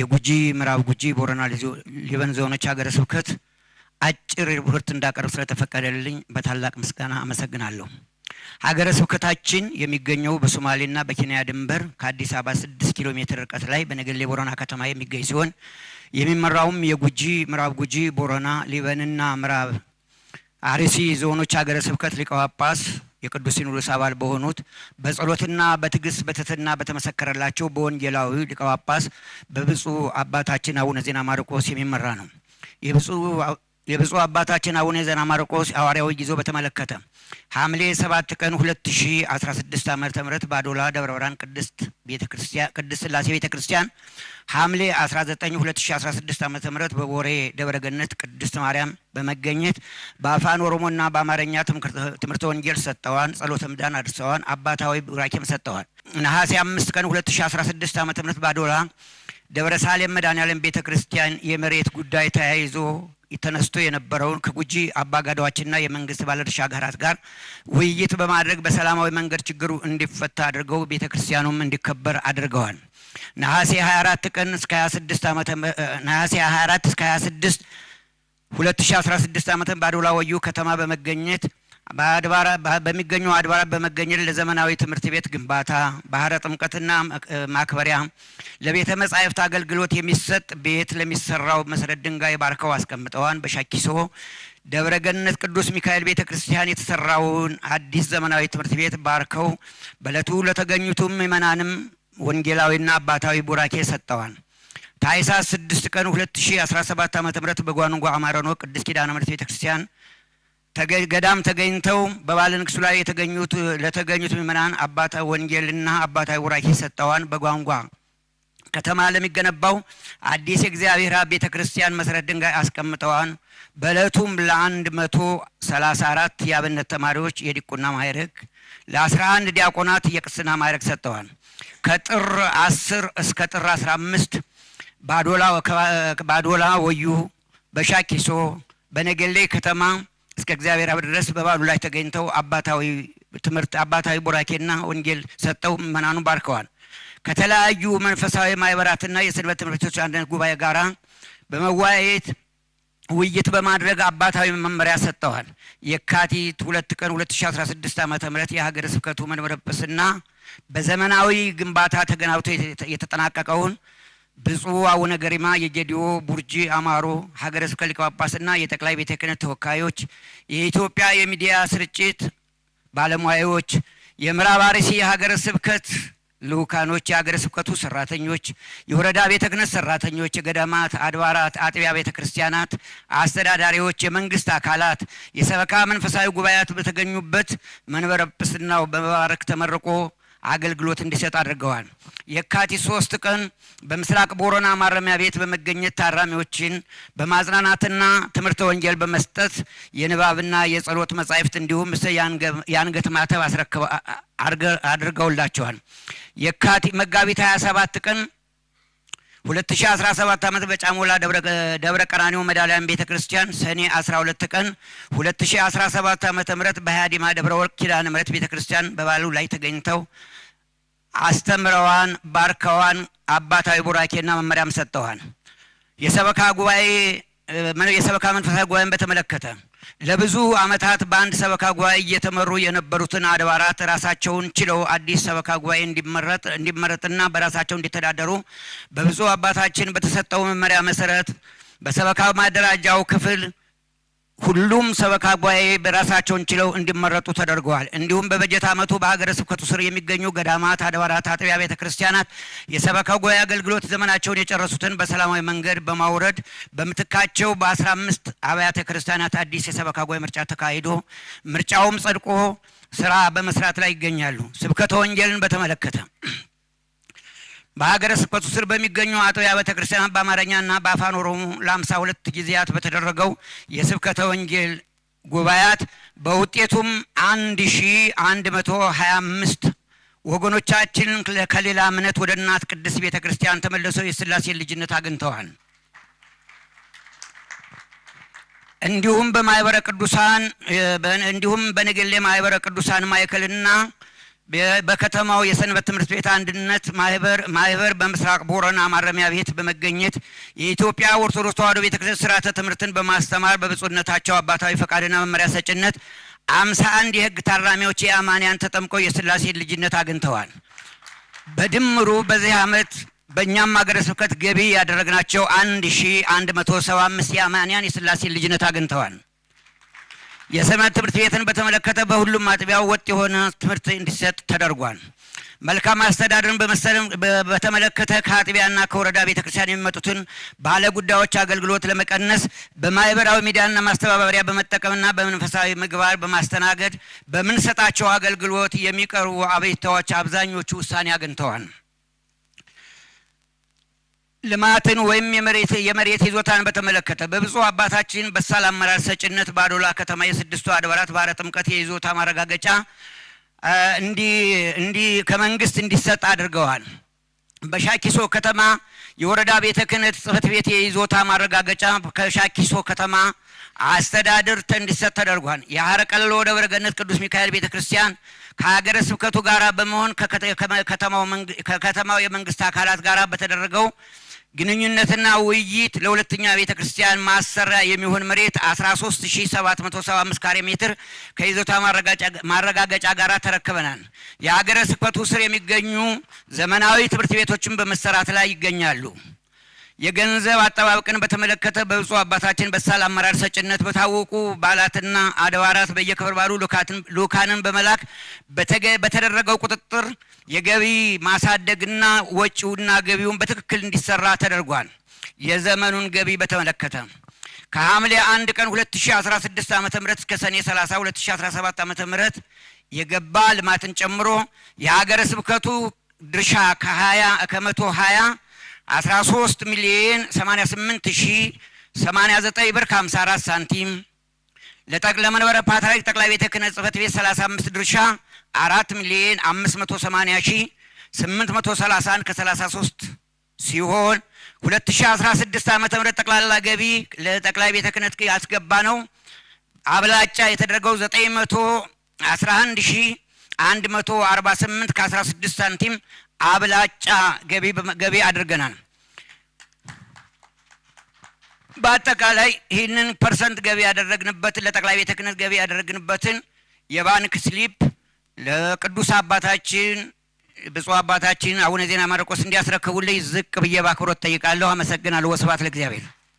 የጉጂ ምዕራብ ጉጂ ቦረና ሊበን ዞኖች ሀገረ ስብከት አጭር ሪፖርት እንዳቀርብ ስለተፈቀደልኝ በታላቅ ምስጋና አመሰግናለሁ። ሀገረ ስብከታችን የሚገኘው በሶማሌና በኬንያ ድንበር ከአዲስ አበባ 6 ኪሎ ሜትር ርቀት ላይ በነገሌ ቦረና ከተማ የሚገኝ ሲሆን የሚመራውም የጉጂ ምዕራብ ጉጂ ቦረና ሊበንና ምዕራብ አርሲ ዞኖች ሀገረ ስብከት ሊቀ ጳጳስ የቅዱስ ሲኖዶስ አባል በሆኑት በጸሎትና በትዕግስት በትሕትና በተመሰከረላቸው በወንጌላዊ ሊቀ ጳጳስ በብፁዕ አባታችን አቡነ ዜና ማርቆስ የሚመራ ነው። የብፁዕ የብፁዕ አባታችን አቡነ ዘና ማርቆስ ሐዋርያዊ ጉዞ በተመለከተ ሐምሌ 7 ቀን 2016 ዓመተ ምህረት ባዶላ ደብረ ብርሃን ቅድስት ቤተ ክርስቲያን ቅድስት ሥላሴ ቤተ ክርስቲያን፣ ሐምሌ 19 2016 ዓመተ ምህረት በቦሬ ደብረ ገነት ቅድስት ማርያም በመገኘት በአፋን ኦሮሞና በአማርኛ ትምህርተ ወንጌል ሰጥተዋል። ጸሎተ ምዳን አድርሰዋል። አባታዊ ቡራኬም ሰጥተዋል። ነሐሴ 5 ቀን 2016 ዓመተ ምህረት በአዶላ ደብረ ሳሌም መድኃኔዓለም ቤተ ክርስቲያን የመሬት ጉዳይ ተያይዞ ተነስቶ የነበረውን ከጉጂ አባገዳዎችና የመንግስት ባለድርሻ አገራት ጋር ውይይት በማድረግ በሰላማዊ መንገድ ችግሩ እንዲፈታ አድርገው ቤተ ክርስቲያኑም እንዲከበር አድርገዋል። ነሐሴ 24 ቀን እስከ 26 ዓመተ ነሐሴ 24 እስከ 26 2016 ዓመተ ባዶላ ወዩ ከተማ በመገኘት በሚገኙ አድባራት በመገኘት ለዘመናዊ ትምህርት ቤት ግንባታ ባህረ ጥምቀትና ማክበሪያ ለቤተ መጻሕፍት አገልግሎት የሚሰጥ ቤት ለሚሰራው መሰረት ድንጋይ ባርከው አስቀምጠዋል። በሻኪሶ ደብረ ገነት ቅዱስ ሚካኤል ቤተ ክርስቲያን የተሰራውን አዲስ ዘመናዊ ትምህርት ቤት ባርከው በለቱ ለተገኙትም ምእመናንም ወንጌላዊና አባታዊ ቡራኬ ሰጠዋል። ታኅሳስ 6 ቀን 2017 ዓ ም በጓንጓ አማረኖ ቅድስት ኪዳነ ምሕረት ቤተ ክርስቲያን ገዳም ተገኝተው በባለ ንግሱ ላይ የተገኙት ለተገኙት ምዕመናን አባተ ወንጌልና አባታ ቡራኬ ሰጠዋን። በጓንጓ ከተማ ለሚገነባው አዲስ የእግዚአብሔር አብ ቤተ ክርስቲያን መሰረት ድንጋይ አስቀምጠዋን። በዕለቱም ለአንድ መቶ ሰላሳ አራት የአብነት ተማሪዎች የዲቁና ማዕረግ ለአስራ አንድ ዲያቆናት የቅስና ማዕረግ ሰጠዋል። ከጥር አስር እስከ ጥር አስራ አምስት ባዶላ ወዩ፣ በሻኪሶ በነገሌ ከተማ እስከ እግዚአብሔር አብ ድረስ በበዓሉ ላይ ተገኝተው አባታዊ ትምህርት አባታዊ ቡራኬና ወንጌል ሰጠው መናኑ ባርከዋል። ከተለያዩ መንፈሳዊ ማህበራትና የሰንበት ትምህርት ቤቶች አንድነት ጉባኤ ጋራ በመወያየት ውይይት በማድረግ አባታዊ መመሪያ ሰጥተዋል። የካቲት ሁለት ቀን 2016 ዓ ም የሀገረ ስብከቱ መንበረ ጵጵስና በዘመናዊ ግንባታ ተገናብቶ የተጠናቀቀውን ብፁዕ አቡነ ገሪማ የጌዲኦ ቡርጂ አማሮ ሀገረ ስብከት ሊቀ ጳጳስና የጠቅላይ ቤተ ክህነት ተወካዮች፣ የኢትዮጵያ የሚዲያ ስርጭት ባለሙያዎች፣ የምዕራብ አርሲ የሀገረ ስብከት ልኡካኖች፣ የሀገረ ስብከቱ ሰራተኞች፣ የወረዳ ቤተ ክህነት ሰራተኞች፣ የገዳማት አድባራት፣ አጥቢያ ቤተ ክርስቲያናት አስተዳዳሪዎች፣ የመንግስት አካላት፣ የሰበካ መንፈሳዊ ጉባኤያት በተገኙበት መንበረ ጵጵስናው በመባረክ ተመርቆ አገልግሎት እንዲሰጥ አድርገዋል። የካቲት ሶስት ቀን በምስራቅ ቦረና ማረሚያ ቤት በመገኘት ታራሚዎችን በማጽናናትና ትምህርተ ወንጌል በመስጠት የንባብና የጸሎት መጻሕፍት እንዲሁም ስ የአንገት ማተብ አድርገውላቸዋል። የካቲት መጋቢት 27 ቀን 2017 ዓመት በጫሞላ ደብረ ቀራኒዮ መድኃኔዓለም ቤተ ክርስቲያን ሰኔ 12 ቀን 2017 ዓመተ ምህረት በሃዲማ ደብረ ወርቅ ኪዳነ ምሕረት ቤተ ክርስቲያን በባሉ ላይ ተገኝተው አስተምረዋን፣ ባርከዋን፣ አባታዊ ቡራኬና መመሪያም ሰጥተዋል። የሰበካ ጉባኤ የሰበካ መንፈሳዊ ጉባኤን በተመለከተ ለብዙ ዓመታት በአንድ ሰበካ ጉባኤ እየተመሩ የነበሩትን አድባራት ራሳቸውን ችለው አዲስ ሰበካ ጉባኤ እንዲመረጥና በራሳቸው እንዲተዳደሩ በብዙ አባታችን በተሰጠው መመሪያ መሰረት በሰበካ ማደራጃው ክፍል ሁሉም ሰበካ ጉባኤ በራሳቸውን ችለው እንዲመረጡ ተደርገዋል። እንዲሁም በበጀት ዓመቱ በሀገረ ስብከቱ ስር የሚገኙ ገዳማት፣ አድባራት፣ አጥቢያ ቤተ ክርስቲያናት የሰበካ ጉባኤ አገልግሎት ዘመናቸውን የጨረሱትን በሰላማዊ መንገድ በማውረድ በምትካቸው በ15 አብያተ ክርስቲያናት አዲስ የሰበካ ጉባኤ ምርጫ ተካሂዶ ምርጫውም ጸድቆ ስራ በመስራት ላይ ይገኛሉ። ስብከተ ወንጌልን በተመለከተ በሀገረ ስብከቱ ስር በሚገኙ አጥቢያ ቤተ ክርስቲያን በአማርኛና በአፋን ኦሮሞ ለአምሳ ሁለት ጊዜያት በተደረገው የስብከተ ወንጌል ጉባኤያት በውጤቱም አንድ ሺ አንድ መቶ ሀያ አምስት ወገኖቻችን ከሌላ እምነት ወደ እናት ቅድስት ቤተ ክርስቲያን ተመልሰው የስላሴ ልጅነት አግኝተዋል። እንዲሁም በማኅበረ ቅዱሳን እንዲሁም በነገሌ ማህበረ ቅዱሳን ማይከልና በከተማው የሰንበት ትምህርት ቤት አንድነት ማህበር ማህበር በምስራቅ ቦረና ማረሚያ ቤት በመገኘት የኢትዮጵያ ኦርቶዶክስ ተዋሕዶ ቤተክርስቲያን ስርዓተ ትምህርትን በማስተማር በብፁዕነታቸው አባታዊ ፈቃድና መመሪያ ሰጭነት አምሳ አንድ የህግ ታራሚዎች የአማንያን ተጠምቀው የስላሴ ልጅነት አግኝተዋል። በድምሩ በዚህ ዓመት በእኛም ሀገረ ስብከት ገቢ ያደረግናቸው አንድ ሺ አንድ መቶ ሰባ አምስት የአማንያን የስላሴ ልጅነት አግኝተዋል። የሰንበት ትምህርት ቤትን በተመለከተ በሁሉም አጥቢያው ወጥ የሆነ ትምህርት እንዲሰጥ ተደርጓል። መልካም አስተዳደርን በተመለከተ ከአጥቢያና ከወረዳ ቤተ ክርስቲያን የሚመጡትን ባለ ጉዳዮች አገልግሎት ለመቀነስ በማህበራዊ ሚዲያና ማስተባበሪያ በመጠቀምና በመንፈሳዊ ምግባር በማስተናገድ በምንሰጣቸው አገልግሎት የሚቀርቡ አቤቱታዎች አብዛኞቹ ውሳኔ አግኝተዋል። ልማትን ወይም የመሬት ይዞታን በተመለከተ በብፁዕ አባታችን በሳል አመራር ሰጭነት ባዶላ ከተማ የስድስቱ አድባራት ባሕረ ጥምቀት የይዞታ ማረጋገጫ እንዲህ ከመንግስት እንዲሰጥ አድርገዋል። በሻኪሶ ከተማ የወረዳ ቤተ ክህነት ጽህፈት ቤት የይዞታ ማረጋገጫ ከሻኪሶ ከተማ አስተዳደር እንዲሰጥ ተደርጓል። የሐረ ቀለሎ ደብረ ገነት ቅዱስ ሚካኤል ቤተ ክርስቲያን ከሀገረ ስብከቱ ጋር በመሆን ከከተማው የመንግስት አካላት ጋር በተደረገው ግንኙነትና ውይይት ለሁለተኛ ቤተ ክርስቲያን ማሰሪያ የሚሆን መሬት 13775 ካሬ ሜትር ከይዞታ ማረጋገጫ ጋር ተረክበናል። የሀገረ ስብከቱ ስር የሚገኙ ዘመናዊ ትምህርት ቤቶችን በመሰራት ላይ ይገኛሉ። የገንዘብ አጠባበቅን በተመለከተ በብፁዕ አባታችን በሳል አመራር ሰጭነት በታወቁ በዓላትና አድባራት በየክብረ በዓሉ ልኡካንን በመላክ በተደረገው ቁጥጥር የገቢ ማሳደግና ወጪውና ገቢውን በትክክል እንዲሰራ ተደርጓል። የዘመኑን ገቢ በተመለከተ ከሐምሌ 1 ቀን 2016 ዓ.ም እስከ ሰኔ 30 2017 ዓ.ም የገባ ልማትን ጨምሮ የሀገረ ስብከቱ ድርሻ ከ20 ከመቶ 20 13 ሚሊዮን 88 ሺህ 89 ብር 54 ሳንቲም ለጠቅላይ ለመንበረ ፓትርያርክ ጠቅላይ ቤተ ክህነት ጽሕፈት ቤት 35 ድርሻ 4 ሚሊዮን 580 ሺህ 831 ከ33 ሲሆን 2016 ዓ.ም ጠቅላላ ገቢ ለጠቅላይ ቤተ ክህነት ያስገባ ነው። አብላጫ የተደረገው 911 ሺህ 148 ከ16 ሳንቲም አብላጫ ገቢ አድርገናል። በአጠቃላይ ይህንን ፐርሰንት ገቢ ያደረግንበትን ለጠቅላይ ቤተ ገቢ ያደረግንበትን የባንክ ስሊፕ ለቅዱስ አባታችን ብፁ አባታችን አቡነ ዜና ማርቆስ እንዲያስረክቡልኝ ዝቅ ብዬ በአክብሮት ጠይቃለሁ። አመሰግናለሁ። ወስባት ለእግዚአብሔር።